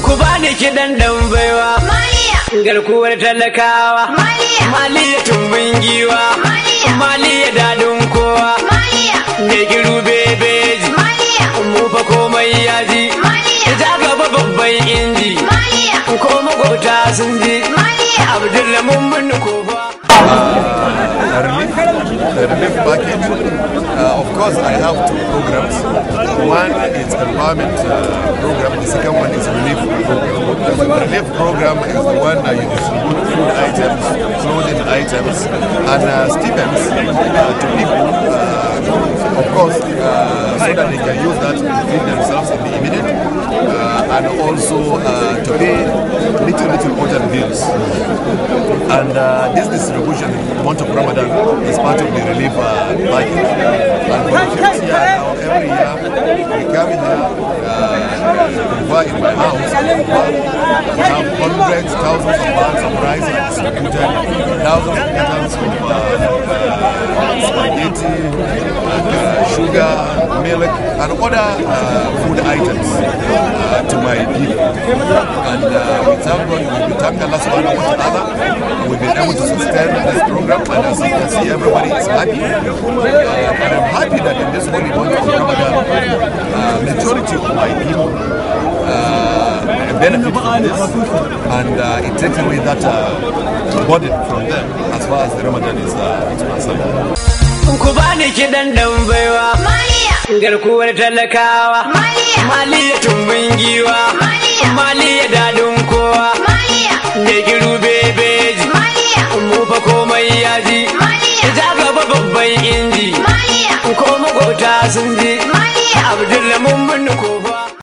Ku ne kiɗan dan baiwa. Maliya. Garkuwar talakawa. Maliya. Maliya tumbin giwa. Maliya. Maliya dadin kowa. Maliya. Ne giru bebeji. Maliya. Mu fa komai yaji. Maliya. Ja gaba babban inji. Maliya. Ko magota sun ji. Maliya. Abdullahi mun ko. programs. One is employment uh, program, the second one is relief program. The relief program is the one that you distribute food items, clothing items, and uh, stipends uh, to people, uh, of course, uh, so that they can use that to feed themselves in the immediate, uh, and also to pay little, little water bills. And this distribution month of Ramadan as part of the relief uh, package. And now, every year, we come in here, uh, in my house, we have hundreds, thousands of bags of rice and thousands of items of uh, uh, spaghetti, and, uh, sugar, milk, and other uh, food items to my people. And uh, we thank God, we thank Allah subhanahu wa ta'ala. We've been able to sustain this program, and as you can see, everybody is happy. Uh, and I'm happy that in this holy month of Ramadan, uh, majority of my people uh, benefit from this, and uh, it takes away that uh, burden from them as far as the Ramadan is concerned. ku bani kiɗan dan baiwa. Maliya. Garkuwar talakawa. Maliya. Maliya tun mahuta sun ji abdul mun ko